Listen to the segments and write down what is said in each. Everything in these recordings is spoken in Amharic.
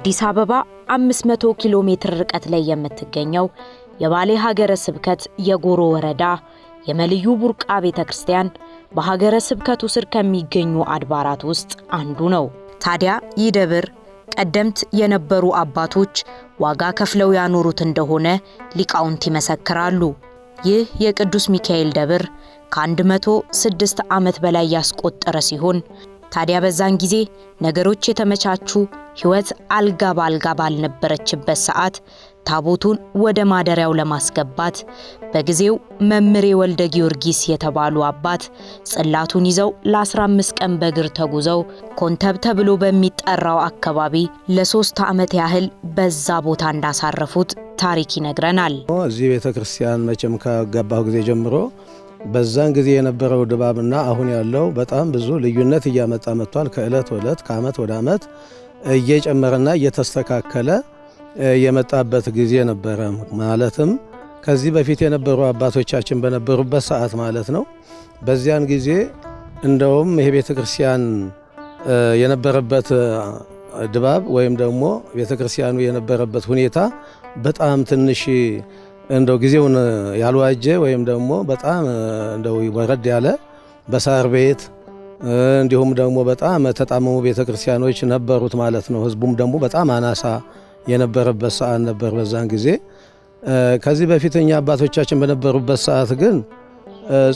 ከአዲስ አበባ 500 ኪሎ ሜትር ርቀት ላይ የምትገኘው የባሌ ሀገረ ስብከት የጎሮ ወረዳ የመልዩ ቡርቃ ቤተ ክርስቲያን በሀገረ ስብከቱ ስር ከሚገኙ አድባራት ውስጥ አንዱ ነው። ታዲያ ይህ ደብር ቀደምት የነበሩ አባቶች ዋጋ ከፍለው ያኖሩት እንደሆነ ሊቃውንት ይመሰክራሉ። ይህ የቅዱስ ሚካኤል ደብር ከ106 ዓመት በላይ ያስቆጠረ ሲሆን ታዲያ በዛን ጊዜ ነገሮች የተመቻቹ ሕይወት አልጋ በአልጋ ባልነበረችበት ሰዓት ታቦቱን ወደ ማደሪያው ለማስገባት በጊዜው መምሬ ወልደ ጊዮርጊስ የተባሉ አባት ጽላቱን ይዘው ለ15 ቀን በእግር ተጉዘው ኮንተብ ተብሎ በሚጠራው አካባቢ ለሶስት ዓመት ያህል በዛ ቦታ እንዳሳረፉት ታሪክ ይነግረናል። እዚህ ቤተ ክርስቲያን መቼም ከገባሁ ጊዜ ጀምሮ በዛን ጊዜ የነበረው ድባብና አሁን ያለው በጣም ብዙ ልዩነት እያመጣ መጥቷል። ከእለት ወለት ከአመት ወደ አመት እየጨመረና እየተስተካከለ የመጣበት ጊዜ ነበረ። ማለትም ከዚህ በፊት የነበሩ አባቶቻችን በነበሩበት ሰዓት ማለት ነው። በዚያን ጊዜ እንደውም ይሄ ቤተ ክርስቲያን የነበረበት ድባብ ወይም ደግሞ ቤተ ክርስቲያኑ የነበረበት ሁኔታ በጣም ትንሽ እንደው ጊዜውን ያልዋጀ ወይም ደግሞ በጣም እንደው ወረድ ያለ በሳር ቤት እንዲሁም ደግሞ በጣም ተጣመሙ ቤተክርስቲያኖች ነበሩት ማለት ነው። ህዝቡም ደግሞ በጣም አናሳ የነበረበት ሰዓት ነበር በዛን ጊዜ። ከዚህ በፊት እኛ አባቶቻችን በነበሩበት ሰዓት ግን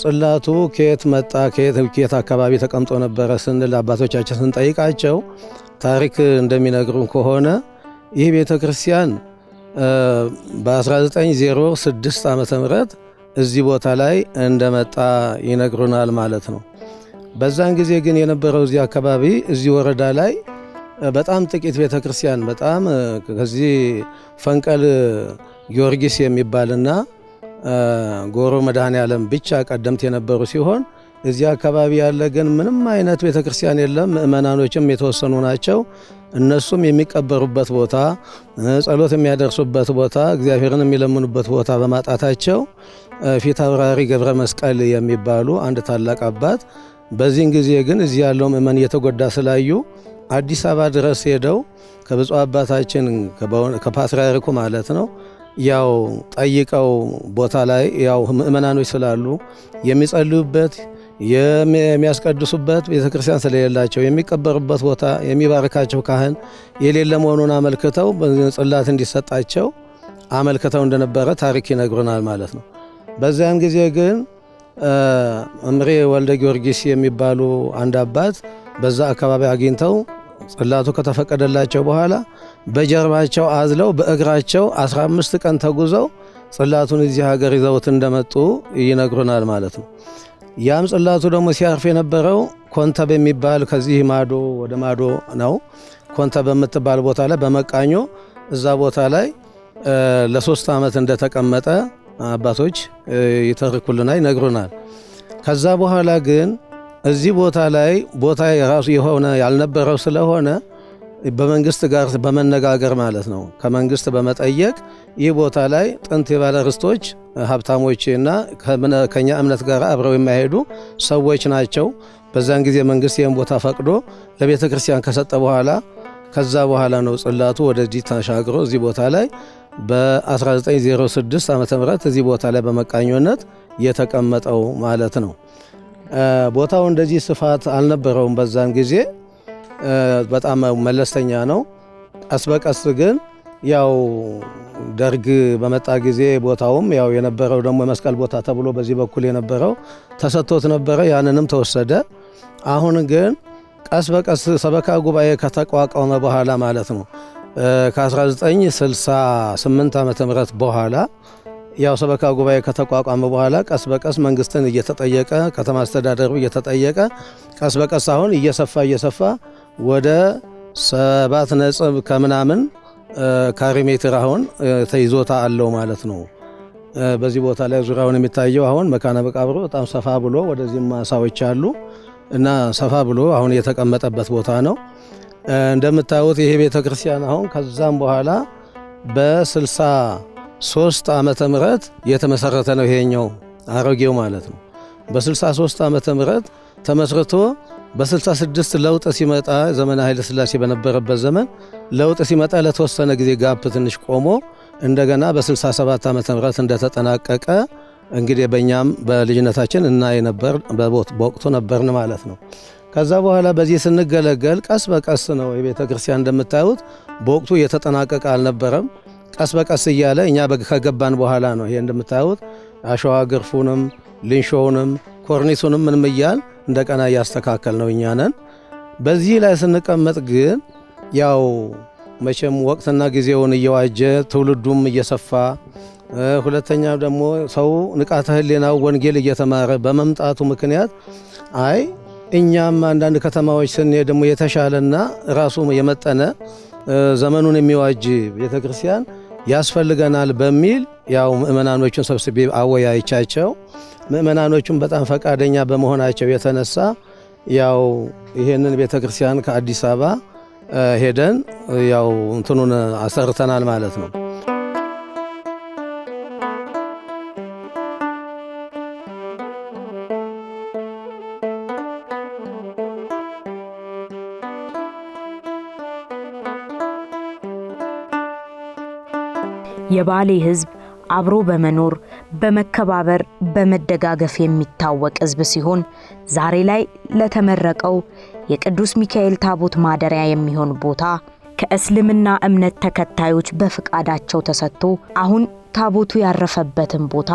ጽላቱ ከየት መጣ ከየት አካባቢ ተቀምጦ ነበረ ስንል አባቶቻችን ስንጠይቃቸው ታሪክ እንደሚነግሩን ከሆነ ይህ ቤተክርስቲያን በ1906 ዓ ም እዚህ ቦታ ላይ እንደመጣ ይነግሩናል ማለት ነው። በዛን ጊዜ ግን የነበረው እዚህ አካባቢ እዚህ ወረዳ ላይ በጣም ጥቂት ቤተ ክርስቲያን በጣም ከዚህ ፈንቀል ጊዮርጊስ የሚባልና ጎሮ መድኃኔ ዓለም ብቻ ቀደምት የነበሩ ሲሆን እዚህ አካባቢ ያለ ግን ምንም አይነት ቤተ ክርስቲያን የለም። ምእመናኖችም የተወሰኑ ናቸው። እነሱም የሚቀበሩበት ቦታ፣ ጸሎት የሚያደርሱበት ቦታ፣ እግዚአብሔርን የሚለምኑበት ቦታ በማጣታቸው ፊት አውራሪ ገብረ መስቀል የሚባሉ አንድ ታላቅ አባት በዚህን ጊዜ ግን እዚህ ያለው ምእመን እየተጎዳ ስላዩ አዲስ አበባ ድረስ ሄደው ከብፁዕ አባታችን ከፓትርያርኩ ማለት ነው ያው ጠይቀው ቦታ ላይ ያው ምእመናኖች ስላሉ የሚጸልዩበት የሚያስቀድሱበት ቤተክርስቲያን ስለሌላቸው የሚቀበሩበት ቦታ የሚባርካቸው ካህን የሌለ መሆኑን አመልክተው ጽላት እንዲሰጣቸው አመልክተው እንደነበረ ታሪክ ይነግሩናል ማለት ነው። በዚያን ጊዜ ግን እምሬ ወልደ ጊዮርጊስ የሚባሉ አንድ አባት በዛ አካባቢ አግኝተው ጽላቱ ከተፈቀደላቸው በኋላ በጀርባቸው አዝለው በእግራቸው 15 ቀን ተጉዘው ጽላቱን እዚህ ሀገር ይዘውት እንደመጡ ይነግሩናል ማለት ነው። ያም ጽላቱ ደግሞ ሲያርፍ የነበረው ኮንተ የሚባል ከዚህ ማዶ ወደ ማዶ ነው። ኮንተ በምትባል ቦታ ላይ በመቃኞ እዛ ቦታ ላይ ለሶስት ዓመት እንደተቀመጠ አባቶች ይተርኩልናል፣ ይነግሩናል። ከዛ በኋላ ግን እዚህ ቦታ ላይ ቦታ የራሱ የሆነ ያልነበረው ስለሆነ በመንግስት ጋር በመነጋገር ማለት ነው። ከመንግስት በመጠየቅ ይህ ቦታ ላይ ጥንት የባለ ርስቶች እና ከኛ እምነት ጋር አብረው የማይሄዱ ሰዎች ናቸው። በዛን ጊዜ መንግስት ይህን ቦታ ፈቅዶ ለቤተ ክርስቲያን ከሰጠ በኋላ ከዛ በኋላ ነው ጽላቱ ወደዚህ ተሻግሮ እዚህ ቦታ ላይ በ1906 ዓ ም እዚህ ቦታ ላይ በመቃኞነት የተቀመጠው ማለት ነው። ቦታው እንደዚህ ስፋት አልነበረውም በዛን ጊዜ በጣም መለስተኛ ነው። ቀስ በቀስ ግን ያው ደርግ በመጣ ጊዜ ቦታውም ያው የነበረው ደግሞ የመስቀል ቦታ ተብሎ በዚህ በኩል የነበረው ተሰጥቶት ነበረ። ያንንም ተወሰደ። አሁን ግን ቀስ በቀስ ሰበካ ጉባኤ ከተቋቋመ በኋላ ማለት ነው ከ1968 ዓ ም በኋላ ያው ሰበካ ጉባኤ ከተቋቋመ በኋላ ቀስ በቀስ መንግስትን እየተጠየቀ ከተማ አስተዳደሩ እየተጠየቀ ቀስ በቀስ አሁን እየሰፋ እየሰፋ ወደ ሰባት ነጥብ ከምናምን ካሬ ሜትር አሁን ተይዞታ አለው ማለት ነው። በዚህ ቦታ ላይ ዙሪያውን የሚታየው አሁን መካነ መቃብሩ በጣም ሰፋ ብሎ ወደዚህም ማሳዎች አሉ እና ሰፋ ብሎ አሁን የተቀመጠበት ቦታ ነው። እንደምታዩት ይሄ ቤተ ክርስቲያን አሁን ከዛም በኋላ በ63 ዓመተ ምህረት የተመሰረተ ነው። ይሄኛው አሮጌው ማለት ነው። በ63 ዓመተ ምህረት ተመስርቶ በ66 ለውጥ ሲመጣ ዘመነ ኃይለ ሥላሴ በነበረበት ዘመን ለውጥ ሲመጣ ለተወሰነ ጊዜ ጋፕ ትንሽ ቆሞ እንደገና በ67 ዓመተ ምህረት እንደተጠናቀቀ እንግዲህ በእኛም በልጅነታችን እናይ ነበር፣ በወቅቱ ነበርን ማለት ነው። ከዛ በኋላ በዚህ ስንገለገል ቀስ በቀስ ነው የቤተ ክርስቲያን እንደምታዩት በወቅቱ እየተጠናቀቀ አልነበረም። ቀስ በቀስ እያለ እኛ ከገባን በኋላ ነው ይሄ እንደምታዩት አሸዋ ግርፉንም ልንሾውንም ኮርኒሱንም ምንም እያል እንደቀና እያስተካከል ነው እኛ ነን። በዚህ ላይ ስንቀመጥ ግን ያው መቼም ወቅትና ጊዜውን እየዋጀ ትውልዱም እየሰፋ ሁለተኛ ደግሞ ሰው ንቃተ ህሊናው ወንጌል እየተማረ በመምጣቱ ምክንያት አይ እኛም አንዳንድ ከተማዎች ስንሄድ ደግሞ የተሻለና ራሱ የመጠነ ዘመኑን የሚዋጅ ቤተክርስቲያን ያስፈልገናል በሚል ያው ምእመናኖቹን ሰብስቤ አወያይቻቸው ምእመናኖቹን በጣም ፈቃደኛ በመሆናቸው የተነሳ ያው ይሄንን ቤተ ክርስቲያን ከአዲስ አበባ ሄደን ያው እንትኑን አሰርተናል ማለት ነው። የባሌ ሕዝብ አብሮ በመኖር በመከባበር በመደጋገፍ የሚታወቅ ህዝብ ሲሆን ዛሬ ላይ ለተመረቀው የቅዱስ ሚካኤል ታቦት ማደሪያ የሚሆን ቦታ ከእስልምና እምነት ተከታዮች በፍቃዳቸው ተሰጥቶ አሁን ታቦቱ ያረፈበትን ቦታ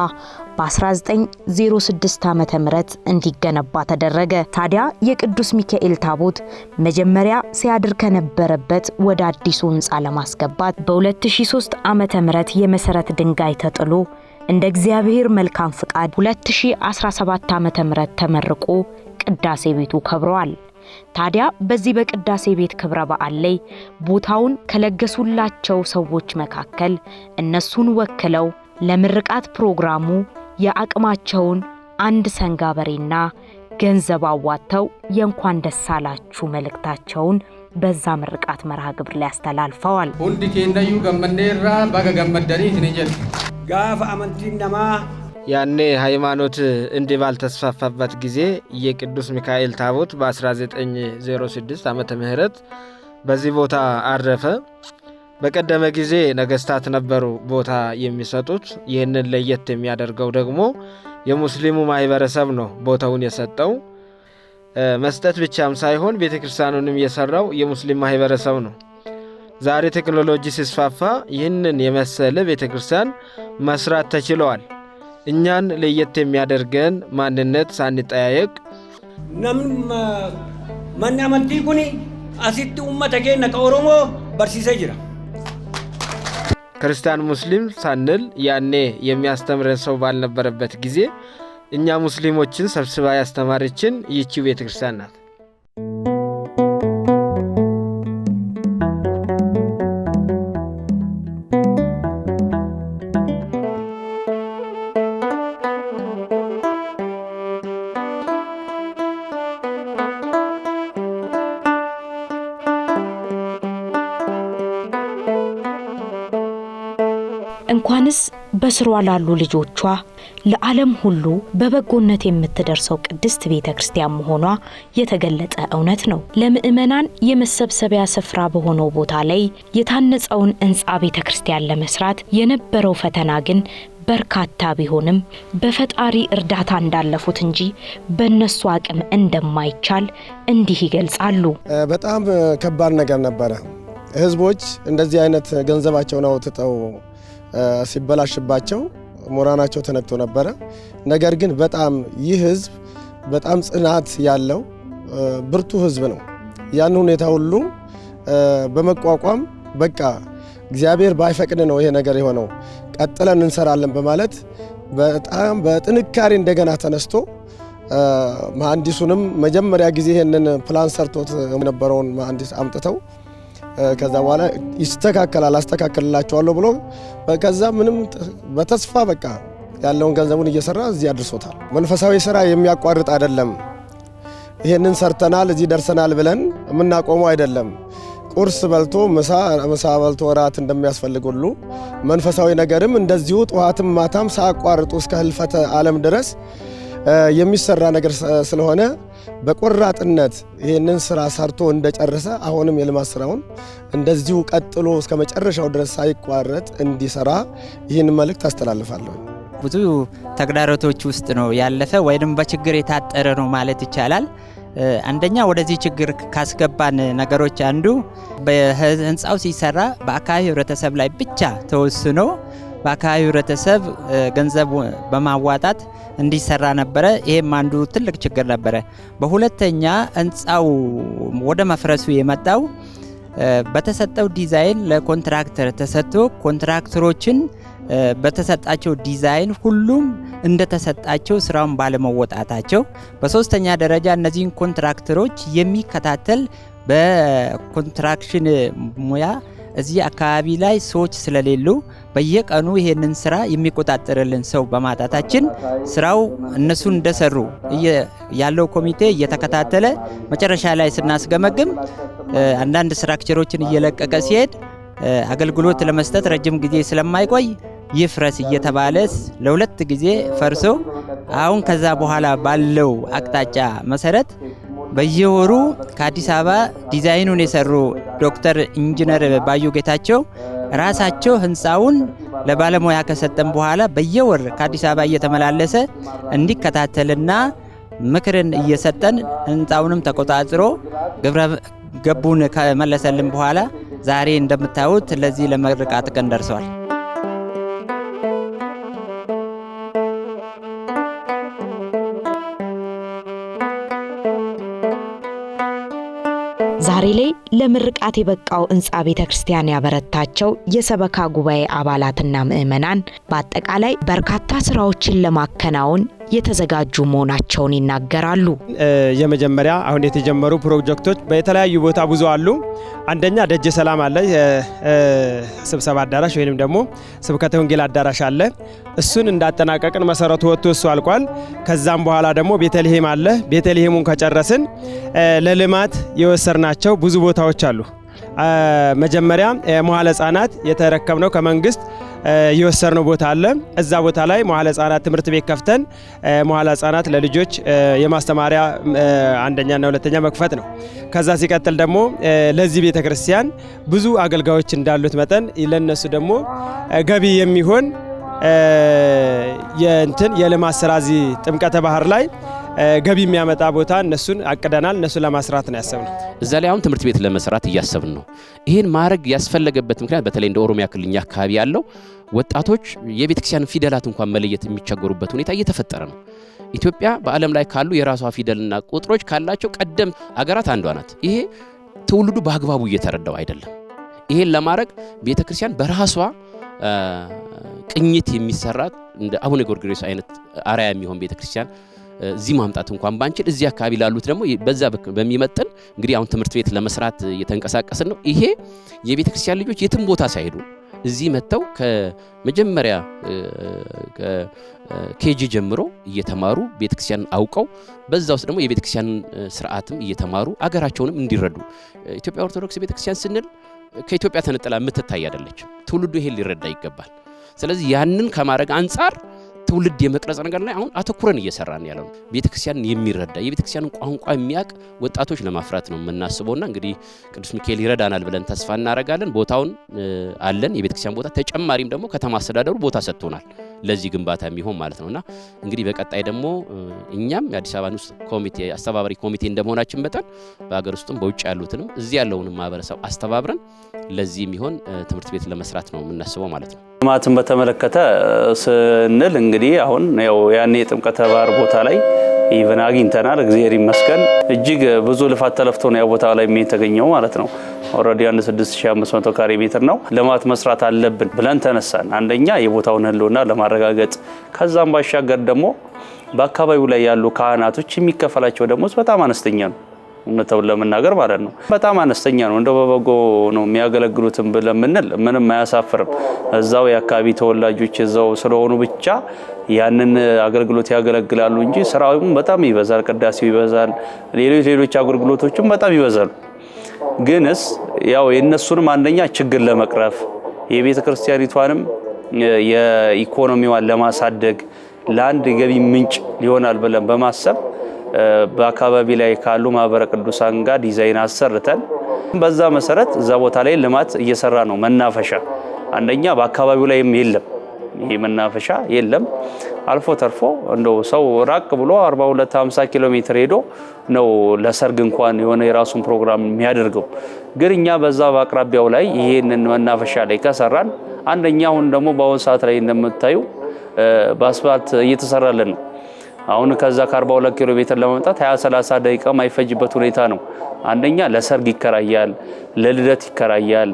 በ1906 ዓ ም እንዲገነባ ተደረገ። ታዲያ የቅዱስ ሚካኤል ታቦት መጀመሪያ ሲያድር ከነበረበት ወደ አዲሱ ህንፃ ለማስገባት በ2003 ዓ ም የመሰረት ድንጋይ ተጥሎ እንደ እግዚአብሔር መልካም ፍቃድ 2017 ዓ ም ተመርቆ ቅዳሴ ቤቱ ከብረዋል። ታዲያ በዚህ በቅዳሴ ቤት ክብረ በዓል ላይ ቦታውን ከለገሱላቸው ሰዎች መካከል እነሱን ወክለው ለምርቃት ፕሮግራሙ የአቅማቸውን አንድ ሰንጋ በሬና ገንዘብ አዋጥተው የእንኳን ደስ አላችሁ መልእክታቸውን በዛ ምርቃት መርሃ ግብር ላይ አስተላልፈዋል። ሁንድ ኬነዩ ገመኔራ በገ ገመደኒ ትንጀል ጋፍ አመንቲ ነማ ያኔ ሃይማኖት እንዲህ ባልተስፋፋበት ጊዜ የቅዱስ ሚካኤል ታቦት በ1906 ዓመተ ምህረት በዚህ ቦታ አረፈ። በቀደመ ጊዜ ነገስታት ነበሩ ቦታ የሚሰጡት። ይህንን ለየት የሚያደርገው ደግሞ የሙስሊሙ ማህበረሰብ ነው ቦታውን የሰጠው። መስጠት ብቻም ሳይሆን ቤተ ክርስቲያኑንም የሰራው የሙስሊም ማህበረሰብ ነው። ዛሬ ቴክኖሎጂ ሲስፋፋ ይህንን የመሰለ ቤተ ክርስቲያን መስራት ተችለዋል። እኛን ለየት የሚያደርገን ማንነት ሳንጠያየቅ መናመንቲ ኩኒ አሲቲ ኡመተ ኬነ ከኦሮሞ በርሲሰ ጅራ ክርስቲያን ሙስሊም ሳንል ያኔ የሚያስተምረን ሰው ባልነበረበት ጊዜ እኛ ሙስሊሞችን ሰብስባ ያስተማረችን ይቺ ቤተ ክርስቲያን ናት። በስሯ ላሉ ልጆቿ ለዓለም ሁሉ በበጎነት የምትደርሰው ቅድስት ቤተ ክርስቲያን መሆኗ የተገለጠ እውነት ነው። ለምዕመናን የመሰብሰቢያ ስፍራ በሆነው ቦታ ላይ የታነጸውን ሕንፃ ቤተ ክርስቲያን ለመስራት የነበረው ፈተና ግን በርካታ ቢሆንም በፈጣሪ እርዳታ እንዳለፉት እንጂ በእነሱ አቅም እንደማይቻል እንዲህ ይገልጻሉ። በጣም ከባድ ነገር ነበረ። ህዝቦች እንደዚህ አይነት ገንዘባቸውን አውጥተው ሲበላሽባቸው ሞራናቸው ተነክቶ ነበረ። ነገር ግን በጣም ይህ ህዝብ በጣም ጽናት ያለው ብርቱ ህዝብ ነው። ያን ሁኔታ ሁሉ በመቋቋም በቃ እግዚአብሔር ባይፈቅድ ነው ይሄ ነገር የሆነው፣ ቀጥለን እንሰራለን በማለት በጣም በጥንካሬ እንደገና ተነስቶ መሐንዲሱንም መጀመሪያ ጊዜ ይህንን ፕላን ሰርቶት የነበረውን መሐንዲስ አምጥተው ከዛ በኋላ ይስተካከላል አስተካከልላቸዋለሁ ብሎ ከዛ ምንም በተስፋ በቃ ያለውን ገንዘቡን እየሰራ እዚህ አድርሶታል። መንፈሳዊ ስራ የሚያቋርጥ አይደለም። ይህንን ሰርተናል እዚህ ደርሰናል ብለን የምናቆመው አይደለም። ቁርስ በልቶ ምሳ ምሳ በልቶ እራት እንደሚያስፈልግ ሁሉ መንፈሳዊ ነገርም እንደዚሁ ጠዋትም ማታም ሳያቋርጡ እስከ ህልፈተ ዓለም ድረስ የሚሰራ ነገር ስለሆነ በቆራጥነት ይህንን ስራ ሰርቶ እንደጨረሰ አሁንም የልማት ስራውን እንደዚሁ ቀጥሎ እስከ መጨረሻው ድረስ ሳይቋረጥ እንዲሰራ ይህን መልእክት አስተላልፋለሁ። ብዙ ተግዳሮቶች ውስጥ ነው ያለፈ ወይም በችግር የታጠረ ነው ማለት ይቻላል። አንደኛ ወደዚህ ችግር ካስገባን ነገሮች አንዱ በህንፃው ሲሰራ በአካባቢ ህብረተሰብ ላይ ብቻ ተወስኖ በአካባቢ ህብረተሰብ ገንዘብ በማዋጣት እንዲሰራ ነበረ። ይሄም አንዱ ትልቅ ችግር ነበረ። በሁለተኛ ህንፃው ወደ መፍረሱ የመጣው በተሰጠው ዲዛይን ለኮንትራክተር ተሰጥቶ ኮንትራክተሮችን በተሰጣቸው ዲዛይን ሁሉም እንደተሰጣቸው ስራውን ባለመወጣታቸው፣ በሶስተኛ ደረጃ እነዚህን ኮንትራክተሮች የሚከታተል በኮንትራክሽን ሙያ እዚህ አካባቢ ላይ ሰዎች ስለሌሉ በየቀኑ ይሄንን ስራ የሚቆጣጠርልን ሰው በማጣታችን ስራው እነሱን እንደሰሩ ያለው ኮሚቴ እየተከታተለ መጨረሻ ላይ ስናስገመግም አንዳንድ ስትራክቸሮችን እየለቀቀ ሲሄድ አገልግሎት ለመስጠት ረጅም ጊዜ ስለማይቆይ ይፍረስ እየተባለ ለሁለት ጊዜ ፈርሶ አሁን ከዛ በኋላ ባለው አቅጣጫ መሰረት በየወሩ ከአዲስ አበባ ዲዛይኑን የሰሩ ዶክተር ኢንጂነር ባዩ ጌታቸው ራሳቸው ህንፃውን ለባለሙያ ከሰጠን በኋላ በየወር ከአዲስ አበባ እየተመላለሰ እንዲከታተልና ምክርን እየሰጠን ህንፃውንም ተቆጣጥሮ ግብረ ገቡን ከመለሰልን በኋላ ዛሬ እንደምታዩት ለዚህ ለምርቃት ቀን ደርሰዋል። ዛሬ ላይ ለምርቃት የበቃው ህንፃ ቤተ ክርስቲያን ያበረታቸው የሰበካ ጉባኤ አባላትና ምእመናን በአጠቃላይ በርካታ ስራዎችን ለማከናወን የተዘጋጁ መሆናቸውን ይናገራሉ። የመጀመሪያ አሁን የተጀመሩ ፕሮጀክቶች በተለያዩ ቦታ ብዙ አሉ። አንደኛ ደጀ ሰላም አለ፣ ስብሰባ አዳራሽ ወይም ደግሞ ስብከተ ወንጌል አዳራሽ አለ። እሱን እንዳጠናቀቅን መሰረቱ ወጥቶ እሱ አልቋል። ከዛም በኋላ ደግሞ ቤተልሔም አለ። ቤተልሔሙን ከጨረስን ለልማት የወሰድናቸው ብዙ ቦታዎች አሉ። መጀመሪያ መዋለ ህጻናት የተረከብነው ከመንግስት የወሰድነው ቦታ አለ። እዛ ቦታ ላይ መዋለ ህጻናት ትምህርት ቤት ከፍተን መዋለ ህጻናት ለልጆች የማስተማሪያ አንደኛና ሁለተኛ መክፈት ነው። ከዛ ሲቀጥል ደግሞ ለዚህ ቤተ ክርስቲያን ብዙ አገልጋዮች እንዳሉት መጠን ለነሱ ደግሞ ገቢ የሚሆን የእንትን የልማት ስራ እዚህ ጥምቀተ ባህር ላይ ገቢ የሚያመጣ ቦታ እነሱን አቅደናል። እነሱን ለማስራት ነው ያሰብነው። እዛ ላይ አሁን ትምህርት ቤት ለመስራት እያሰብን ነው። ይህን ማድረግ ያስፈለገበት ምክንያት በተለይ እንደ ኦሮሚያ ክልል እኛ አካባቢ ያለው ወጣቶች የቤተክርስቲያን ፊደላት እንኳን መለየት የሚቸገሩበት ሁኔታ እየተፈጠረ ነው። ኢትዮጵያ በዓለም ላይ ካሉ የራሷ ፊደልና ቁጥሮች ካላቸው ቀደም አገራት አንዷ ናት። ይሄ ትውልዱ በአግባቡ እየተረዳው አይደለም። ይሄን ለማድረግ ቤተክርስቲያን በራሷ ቅኝት የሚሰራ እንደ አቡነ ጎርጎርዮስ አይነት አርአያ የሚሆን ክርስቲያን እዚህ ማምጣት እንኳን ባንችል እዚህ አካባቢ ላሉት ደግሞ በዛ በሚመጥን እንግዲህ አሁን ትምህርት ቤት ለመስራት እየተንቀሳቀስን ነው። ይሄ የቤተ ክርስቲያን ልጆች የትም ቦታ ሳይሄዱ እዚህ መጥተው ከመጀመሪያ ኬጂ ጀምሮ እየተማሩ ቤተ ክርስቲያን አውቀው በዛ ውስጥ ደግሞ የቤተ ክርስቲያን ስርዓትም እየተማሩ አገራቸውንም እንዲረዱ ኢትዮጵያ ኦርቶዶክስ ቤተ ክርስቲያን ስንል ከኢትዮጵያ ተነጥላ የምትታይ አይደለችም። ትውልዱ ይሄን ሊረዳ ይገባል። ስለዚህ ያንን ከማድረግ አንጻር ትውልድ የመቅረጽ ነገር ላይ አሁን አተኩረን እየሰራን ያለ ነው። ቤተክርስቲያንን የሚረዳ የቤተክርስቲያንን ቋንቋ የሚያውቅ ወጣቶች ለማፍራት ነው የምናስበውና እንግዲህ ቅዱስ ሚካኤል ይረዳናል ብለን ተስፋ እናደርጋለን። ቦታውን አለን፣ የቤተክርስቲያን ቦታ ተጨማሪም ደግሞ ከተማ አስተዳደሩ ቦታ ሰጥቶናል። ለዚህ ግንባታ የሚሆን ማለት ነውና እንግዲህ በቀጣይ ደግሞ እኛም የአዲስ አበባን ውስጥ ኮሚቴ አስተባባሪ ኮሚቴ እንደመሆናችን መጠን በሀገር ውስጥም በውጭ ያሉትንም እዚህ ያለውንም ማህበረሰብ አስተባብረን ለዚህ የሚሆን ትምህርት ቤት ለመስራት ነው የምናስበው ማለት ነው። ልማትን በተመለከተ ስንል እንግዲህ አሁን ያው ያኔ የጥምቀተ ባህር ቦታ ላይ ኢቨን አግኝተናል። እግዚአብሔር ይመስገን። እጅግ ብዙ ልፋት ተለፍቶ ነው ያው ቦታ ላይ የተገኘው ማለት ነው። ኦልሬዲ አንድ 6500 ካሬ ሜትር ነው። ልማት መስራት አለብን ብለን ተነሳን። አንደኛ የቦታውን ሕልውና ለማረጋገጥ ከዛም ባሻገር ደግሞ በአካባቢው ላይ ያሉ ካህናቶች የሚከፈላቸው ደሞዝ በጣም አነስተኛ ነው። እውነታውን ለመናገር ማለት ነው በጣም አነስተኛ ነው። እንደ በበጎ ነው የሚያገለግሉትም ብለምንል ምንም አያሳፍርም። እዛው የአካባቢ ተወላጆች እዛው ስለሆኑ ብቻ ያንን አገልግሎት ያገለግላሉ እንጂ ስራውም በጣም ይበዛል፣ ቅዳሴው ይበዛል፣ ሌሎች ሌሎች አገልግሎቶችም በጣም ይበዛሉ። ግንስ ያው የእነሱንም አንደኛ ችግር ለመቅረፍ የቤተ ክርስቲያኒቷንም የኢኮኖሚዋን ለማሳደግ ለአንድ ገቢ ምንጭ ሊሆናል ብለን በማሰብ በአካባቢ ላይ ካሉ ማህበረ ቅዱሳን ጋር ዲዛይን አሰርተን በዛ መሰረት እዛ ቦታ ላይ ልማት እየሰራ ነው። መናፈሻ አንደኛ በአካባቢው ላይም የለም፣ ይሄ መናፈሻ የለም። አልፎ ተርፎ እንደው ሰው ራቅ ብሎ 4250 ኪሎ ሜትር ሄዶ ነው ለሰርግ እንኳን የሆነ የራሱን ፕሮግራም የሚያደርገው። ግን እኛ በዛ በአቅራቢያው ላይ ይሄንን መናፈሻ ላይ ከሰራን አንደኛ አሁን ደግሞ በአሁን ሰዓት ላይ እንደምታዩ በአስፋልት እየተሰራለን ነው አሁን ከዛ ከ42 ኪሎ ሜትር ለመምጣት 20 30 ደቂቃ ማይፈጅበት ሁኔታ ነው። አንደኛ ለሰርግ ይከራያል፣ ለልደት ይከራያል፣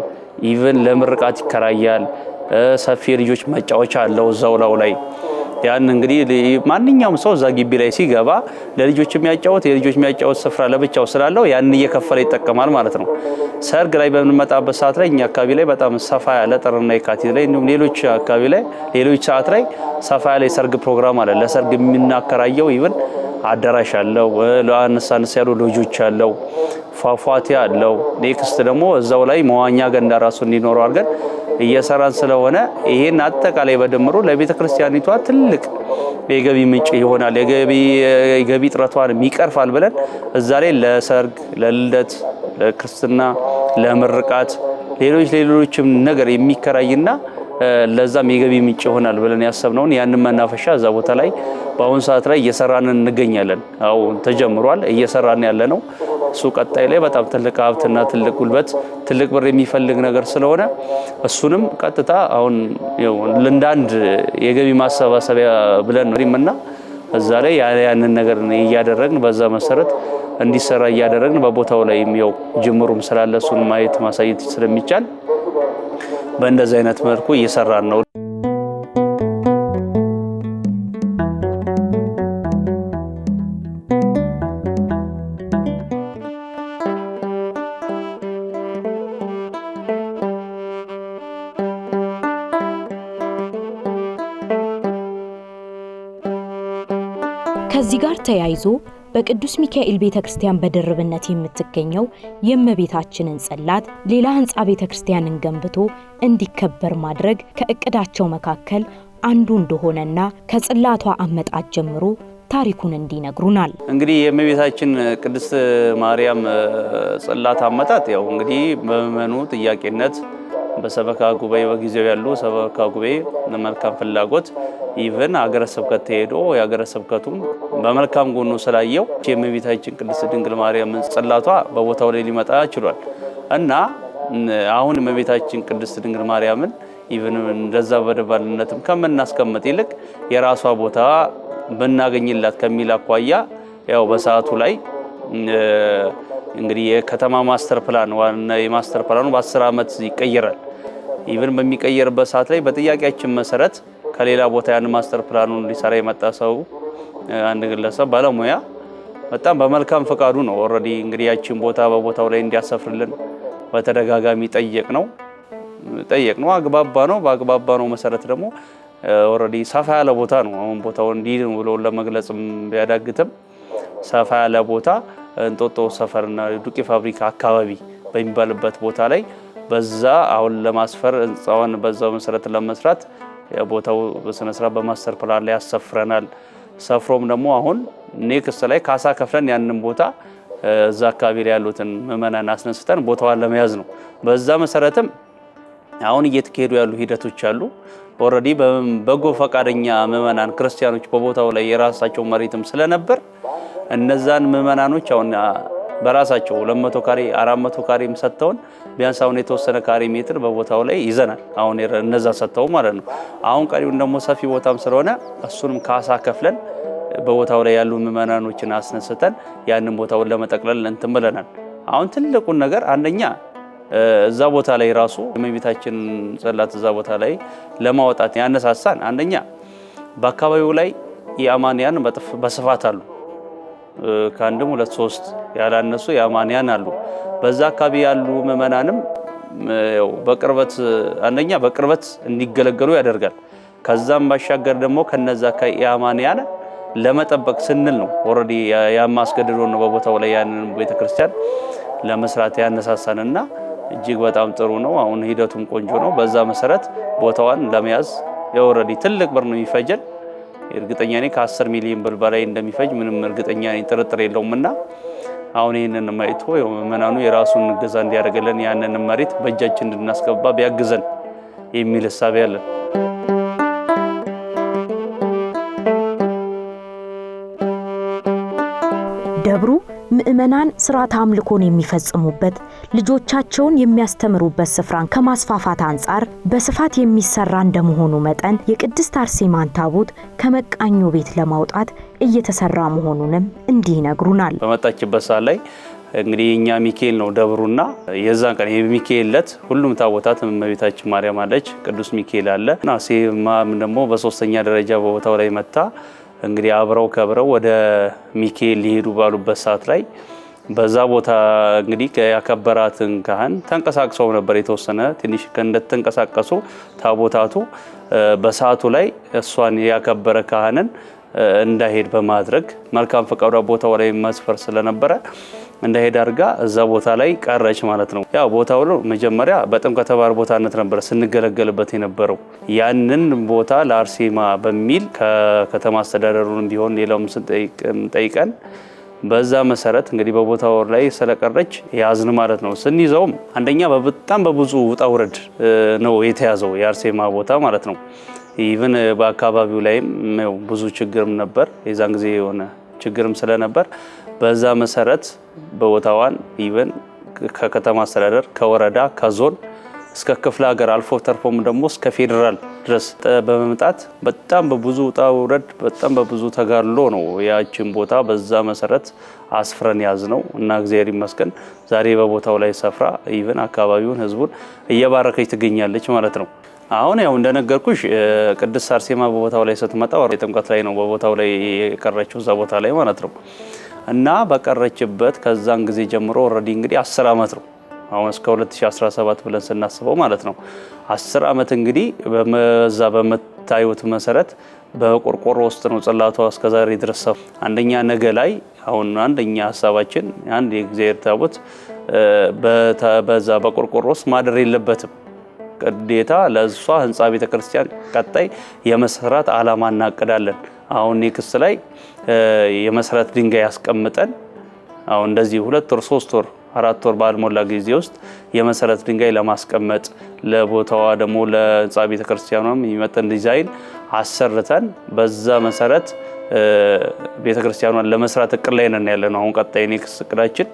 ኢቨን ለምርቃት ይከራያል። ሰፊ የልጆች መጫወቻ አለው እዛው ላይ ያን እንግዲህ ማንኛውም ሰው እዛ ግቢ ላይ ሲገባ ለልጆች የሚያጫወት የልጆች የሚያጫወት ስፍራ ለብቻው ስላለው ያን እየከፈለ ይጠቀማል ማለት ነው። ሰርግ ላይ በምንመጣበት ሰዓት ላይ እኛ አካባቢ ላይ በጣም ሰፋ ያለ ጥርና የካቲት ላይ እንዲሁም ሌሎች አካባቢ ላይ ሌሎች ሰዓት ላይ ሰፋ ያለ የሰርግ ፕሮግራም አለ። ለሰርግ የምናከራየው ይብን አዳራሽ አለው። ለአነስ ያሉ ሎጆች አለው። ፏፏቴ አለው። ኔክስት ደግሞ እዛው ላይ መዋኛ ገንዳ ራሱ እንዲኖረው አድርገን እየሰራን ስለሆነ ይሄን አጠቃላይ በድምሩ ለቤተ ክርስቲያኒቷ ትልቅ የገቢ ምንጭ ይሆናል፣ የገቢ ጥረቷን ይቀርፋል ብለን እዛ ላይ ለሰርግ፣ ለልደት፣ ለክርስትና፣ ለምርቃት ሌሎች ሌሎችም ነገር የሚከራይና ለዛም የገቢ ምንጭ ይሆናል ብለን ያሰብነውን ያንን መናፈሻ እዛ ቦታ ላይ በአሁኑ ሰዓት ላይ እየሰራን እንገኛለን። አዎ ተጀምሯል፣ እየሰራን ያለ ነው። እሱ ቀጣይ ላይ በጣም ትልቅ ሀብትና ትልቅ ጉልበት፣ ትልቅ ብር የሚፈልግ ነገር ስለሆነ እሱንም ቀጥታ አሁን ልንዳንድ የገቢ ማሰባሰቢያ ብለን ነው ሪምና እዛ ላይ ያንን ነገር እያደረግን በዛ መሰረት እንዲሰራ እያደረግን በቦታው ላይ የሚያው ጅምሩም ስላለ እሱን ማየት ማሳየት ስለሚቻል በእንደዚህ አይነት መልኩ እየሰራን ነው። ከዚህ ጋር ተያይዞ በቅዱስ ሚካኤል ቤተ ክርስቲያን በድርብነት የምትገኘው የእመቤታችንን ጸላት ሌላ ህንፃ ቤተ ክርስቲያንን ገንብቶ እንዲከበር ማድረግ ከእቅዳቸው መካከል አንዱ እንደሆነና ከጽላቷ አመጣት ጀምሮ ታሪኩን እንዲነግሩናል። እንግዲህ የእመቤታችን ቅድስት ማርያም ጽላት አመጣት ያው እንግዲህ በመመኑ ጥያቄነት በሰበካ ጉባኤ በጊዜው ያሉ ሰበካ ጉባኤ መልካም ፍላጎት ኢቨን አገረ ስብከት ተሄዶ የአገረ ስብከቱም በመልካም ጎኑ ስላየው የእመቤታችን ቅድስት ድንግል ማርያም ጽላቷ በቦታው ላይ ሊመጣ ችሏል እና አሁን እመቤታችን ቅድስት ድንግል ማርያምን ኢቨን እንደዛ በደባልነትም ከምናስቀምጥ ይልቅ የራሷ ቦታ ብናገኝላት ከሚል አኳያ ያው በሰዓቱ ላይ እንግዲህ የከተማ ማስተር ፕላን ዋና የማስተር ፕላኑ በአስር ዓመት ይቀየራል። ኢቨን በሚቀየርበት ሰዓት ላይ በጥያቄያችን መሰረት ከሌላ ቦታ ያን ማስተር ፕላኑን ሊሰራ የመጣ ሰው አንድ ግለሰብ ባለሙያ በጣም በመልካም ፈቃዱ ነው ኦልሬዲ እንግዲህ ያችን ቦታ በቦታው ላይ እንዲያሰፍርልን በተደጋጋሚ ጠየቅ ነው ጠየቅ ነው አግባባ ነው በአግባባ ነው መሰረት ደግሞ ኦልሬዲ ሰፋ ያለ ቦታ ነው። አሁን ቦታው እንዲህ ብሎ ለመግለጽ ቢያዳግትም ሰፋ ያለ ቦታ እንጦጦ ሰፈርና ዱቄ ፋብሪካ አካባቢ በሚባልበት ቦታ ላይ በዛ አሁን ለማስፈር ህንፃውን በዛው መሰረት ለመስራት የቦታው ስነስርዓት በማስተር ፕላን ላይ ያሰፍረናል። ሰፍሮም ደግሞ አሁን ኔክስት ላይ ካሳ ከፍለን ያንን ቦታ እዛ አካባቢ ላይ ያሉትን ምዕመናን አስነስተን ቦታዋን ለመያዝ ነው። በዛ መሰረትም አሁን እየተካሄዱ ያሉ ሂደቶች አሉ። ኦልሬዲ በጎ ፈቃደኛ ምዕመናን ክርስቲያኖች በቦታው ላይ የራሳቸው መሬትም ስለነበር እነዛን ምዕመናኖች አሁን በራሳቸው 200 ካሬ 400 ካሬም ሰጥተውን ቢያንስ አሁን የተወሰነ ካሬ ሜትር በቦታው ላይ ይዘናል። አሁን እነዛ ሰጥተው ማለት ነው። አሁን ቀሪውን ደግሞ ሰፊ ቦታም ስለሆነ እሱንም ካሳ ከፍለን በቦታው ላይ ያሉ ምዕመናኖችን አስነስተን ያንን ቦታውን ለመጠቅለል እንትን ብለናል። አሁን ትልቁን ነገር አንደኛ እዛ ቦታ ላይ ራሱ የእመቤታችን ጽላት እዛ ቦታ ላይ ለማውጣት ያነሳሳን አንደኛ በአካባቢው ላይ የአማንያን በስፋት አሉ ከአንድም ሁለት ሶስት ያላነሱ የአማንያን አሉ። በዛ አካባቢ ያሉ ምእመናንም በቅርበት አንደኛ በቅርበት እንዲገለገሉ ያደርጋል። ከዛም ባሻገር ደግሞ ከነዛ የአማንያን ለመጠበቅ ስንል ነው። ኦልሬዲ ያማስገድዶ ነው በቦታው ላይ ያንን ቤተክርስቲያን ለመስራት ያነሳሳንና እጅግ በጣም ጥሩ ነው። አሁን ሂደቱም ቆንጆ ነው። በዛ መሰረት ቦታዋን ለመያዝ የኦልሬዲ ትልቅ ብር ነው የሚፈጀን እርግጠኛ ነኝ ከ10 ሚሊዮን ብር በላይ እንደሚፈጅ ምንም እርግጠኛ ነኝ፣ ጥርጥር የለውም እና አሁን ይህንን ማይቶ ምናኑ የራሱን እገዛ እንዲያደርግልን ያንን መሬት በእጃችን እንድናስገባ ቢያግዘን የሚል እሳቤ ያለን ምዕመናን ስርዓት አምልኮን የሚፈጽሙበት ልጆቻቸውን የሚያስተምሩበት ስፍራን ከማስፋፋት አንጻር በስፋት የሚሰራ እንደመሆኑ መጠን የቅድስት አርሴማን ታቦት ከመቃኞ ቤት ለማውጣት እየተሰራ መሆኑንም እንዲህ ይነግሩናል። በመጣችበት ሰዓት ላይ እንግዲህ እኛ ሚካኤል ነው ደብሩና የዛን ቀን የሚካኤል ዕለት ሁሉም ታቦታት እመቤታችን ማርያም አለች፣ ቅዱስ ሚካኤል አለ እና ሴማም ደግሞ በሶስተኛ ደረጃ በቦታው ላይ መታ እንግዲህ አብረው ከብረው ወደ ሚካኤል ሊሄዱ ባሉበት ሰዓት ላይ በዛ ቦታ እንግዲህ ያከበራትን ካህን ተንቀሳቅሰው ነበር። የተወሰነ ትንሽ እንደተንቀሳቀሱ ታቦታቱ በሰዓቱ ላይ እሷን ያከበረ ካህንን እንዳይሄድ በማድረግ መልካም ፈቃዷ ቦታው ላይ መስፈር ስለነበረ እንዳሄድ አድርጋ እዛ ቦታ ላይ ቀረች ማለት ነው። ያው ቦታው መጀመሪያ በጥምቀተ ባሕር ቦታነት ነበረ ስንገለገልበት የነበረው። ያንን ቦታ ለአርሴማ በሚል ከከተማ አስተዳደሩን ቢሆን ሌላውም ስንጠይቀን በዛ መሰረት እንግዲህ በቦታ ላይ ስለቀረች ያዝን ማለት ነው። ስንይዘውም አንደኛ በጣም በብዙ ውጣ ውረድ ነው የተያዘው የአርሴማ ቦታ ማለት ነው። ኢቭን በአካባቢው ላይም ብዙ ችግርም ነበር የዛን ጊዜ የሆነ ችግርም ስለነበር በዛ መሰረት በቦታዋን ኢቨን ከከተማ አስተዳደር፣ ከወረዳ፣ ከዞን እስከ ክፍለ ሀገር አልፎ ተርፎም ደግሞ እስከ ፌዴራል ድረስ በመምጣት በጣም በብዙ ውጣ ውረድ በጣም በብዙ ተጋድሎ ነው ያችን ቦታ በዛ መሰረት አስፍረን ያዝ ነው እና እግዚአብሔር ይመስገን ዛሬ በቦታው ላይ ሰፍራ ኢቨን አካባቢውን ህዝቡን እየባረከች ትገኛለች ማለት ነው። አሁን ያው እንደነገርኩሽ ቅድስት አርሴማ በቦታው ላይ ስትመጣ የጥምቀት ላይ ነው በቦታው ላይ የቀረችው እዛ ቦታ ላይ ማለት ነው እና በቀረችበት ከዛን ጊዜ ጀምሮ ኦልሬዲ እንግዲህ አስር ዓመት ነው አሁን እስከ 2017 ብለን ስናስበው ማለት ነው። አስር ዓመት እንግዲህ በዛ በምታዩት መሰረት በቆርቆሮ ውስጥ ነው ጽላቷ እስከዛሬ ድረስ። አንደኛ ነገ ላይ አሁን አንደኛ ሀሳባችን አንድ የእግዚአብሔር ታቦት በዛ በቆርቆሮ ውስጥ ማደር የለበትም። ግዴታ ለእሷ ህንፃ ቤተክርስቲያን ቀጣይ የመስራት ዓላማ እናቅዳለን። አሁን ኔክስት ላይ የመሰረት ድንጋይ ያስቀምጠን አሁን እንደዚህ ሁለት ወር ሶስት ወር አራት ወር ባልሞላ ጊዜ ውስጥ የመሰረት ድንጋይ ለማስቀመጥ ለቦታዋ ደግሞ ለህንፃ ቤተክርስቲያኗም የሚመጥን ዲዛይን አሰርተን በዛ መሰረት ቤተክርስቲያኗን ለመስራት እቅድ ላይ ነን ያለ ነው። አሁን ቀጣይ ኔክስት እቅዳችን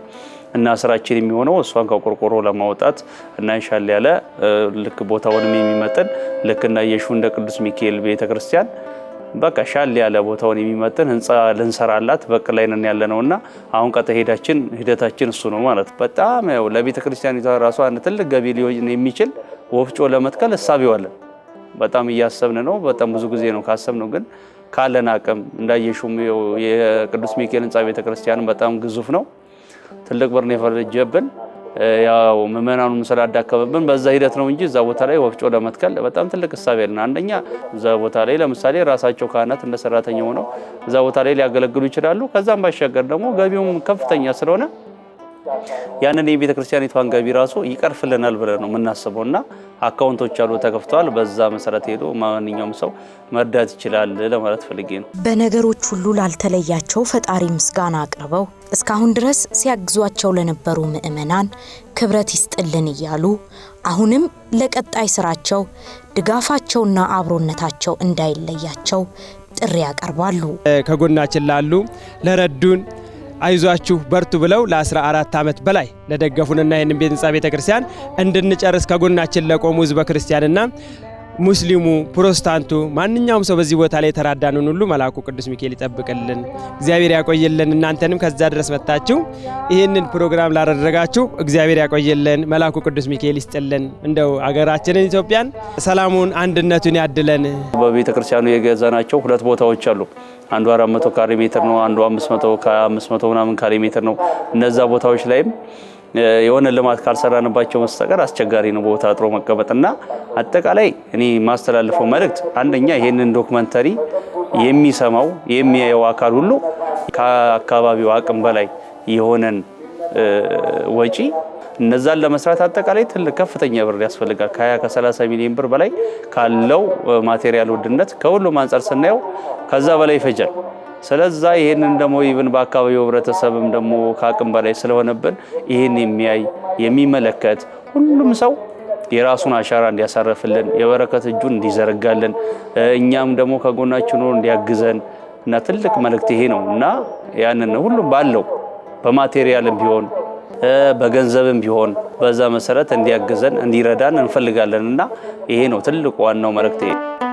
እና ስራችን የሚሆነው እሷን ከቆርቆሮ ለማውጣት እና ይሻል ያለ ልክ ቦታውንም የሚመጥን ልክ እና የሹ እንደ ቅዱስ ሚካኤል ቤተክርስቲያን በቃ ሻል ያለ ቦታውን የሚመጥን ህንፃ ልንሰራላት በቅ ላይ ነን ያለ ነው እና አሁን ቀጣ ሄዳችን ሂደታችን እሱ ነው ማለት በጣም ያው ለቤተ ክርስቲያኒቷ ራሷ ትልቅ ገቢ ሊሆን የሚችል ወፍጮ ለመትከል እሳቢዋለን። በጣም እያሰብን ነው። በጣም ብዙ ጊዜ ነው ካሰብነው ግን ካለን አቅም እንዳየሹም የቅዱስ ሚካኤል ህንፃ ቤተ ክርስቲያን በጣም ግዙፍ ነው። ትልቅ ብር ነው ያው ምዕመናኑም ስላዳከመብን በዛ ሂደት ነው እንጂ እዛ ቦታ ላይ ወፍጮ ለመትከል በጣም ትልቅ እሳቤ ያለን። አንደኛ እዛ ቦታ ላይ ለምሳሌ ራሳቸው ካህናት እንደ ሰራተኛ ሆነው እዛ ቦታ ላይ ሊያገለግሉ ይችላሉ። ከዛም ባሻገር ደግሞ ገቢውም ከፍተኛ ስለሆነ ያንን የቤተ ክርስቲያኒቷን ገቢ ራሱ ይቀርፍልናል ብለን ነው የምናስበው እና አካውንቶች አሉ ተከፍተዋል። በዛ መሰረት ሄዶ ማንኛውም ሰው መርዳት ይችላል ለማለት ፈልጌ ነው። በነገሮች ሁሉ ላልተለያቸው ፈጣሪ ምስጋና አቅርበው እስካሁን ድረስ ሲያግዟቸው ለነበሩ ምዕመናን ክብረት ይስጥልን እያሉ አሁንም ለቀጣይ ስራቸው ድጋፋቸውና አብሮነታቸው እንዳይለያቸው ጥሪ ያቀርባሉ። ከጎናችን ላሉ ለረዱን አይዟችሁ በርቱ ብለው ለ14 ዓመት በላይ ለደገፉንና ይህንን ቤተ ህንፃ ቤተ ክርስቲያን እንድንጨርስ ከጎናችን ለቆሙ ህዝበ ክርስቲያንና ሙስሊሙ፣ ፕሮቴስታንቱ ማንኛውም ሰው በዚህ ቦታ ላይ የተራዳንን ሁሉ መልአኩ ቅዱስ ሚካኤል ይጠብቅልን፣ እግዚአብሔር ያቆየልን። እናንተንም ከዛ ድረስ መታችሁ ይህንን ፕሮግራም ላደረጋችሁ እግዚአብሔር ያቆየልን፣ መልአኩ ቅዱስ ሚካኤል ይስጥልን። እንደው አገራችንን ኢትዮጵያን ሰላሙን፣ አንድነቱን ያድለን። በቤተ ክርስቲያኑ ናቸው ሁለት ቦታዎች አሉ። አንዱ 400 ካሬ ሜትር ነው፣ አንዱ 500 500 ምናምን ካሬ ሜትር ነው። እነዛ ቦታዎች ላይም የሆነ ልማት ካልሰራንባቸው መስተቀር አስቸጋሪ ነው ቦታ አጥሮ መቀመጥና አጠቃላይ እኔ የማስተላልፈው መልእክት አንደኛ ይህንን ዶክመንተሪ የሚሰማው የሚያየው አካል ሁሉ ከአካባቢው አቅም በላይ የሆነን ወጪ እነዛን ለመስራት አጠቃላይ ትልቅ ከፍተኛ ብር ያስፈልጋል። ከ20 ከ30 ሚሊዮን ብር በላይ ካለው ማቴሪያል ውድነት ከሁሉም አንጻር ስናየው ከዛ በላይ ይፈጃል። ስለዛ ይሄንን ደግሞ ይብን በአካባቢው ህብረተሰብም ደግሞ ከአቅም በላይ ስለሆነብን ይህን የሚያይ የሚመለከት ሁሉም ሰው የራሱን አሻራ እንዲያሳረፍልን የበረከት እጁን እንዲዘረጋልን እኛም ደግሞ ከጎናችን እንዲያግዘን እና ትልቅ መልእክት ይሄ ነው እና ያንን ሁሉም ባለው በማቴሪያልም ቢሆን በገንዘብም ቢሆን በዛ መሰረት እንዲያግዘን እንዲረዳን እንፈልጋለን እና ይሄ ነው ትልቅ ዋናው መልእክት።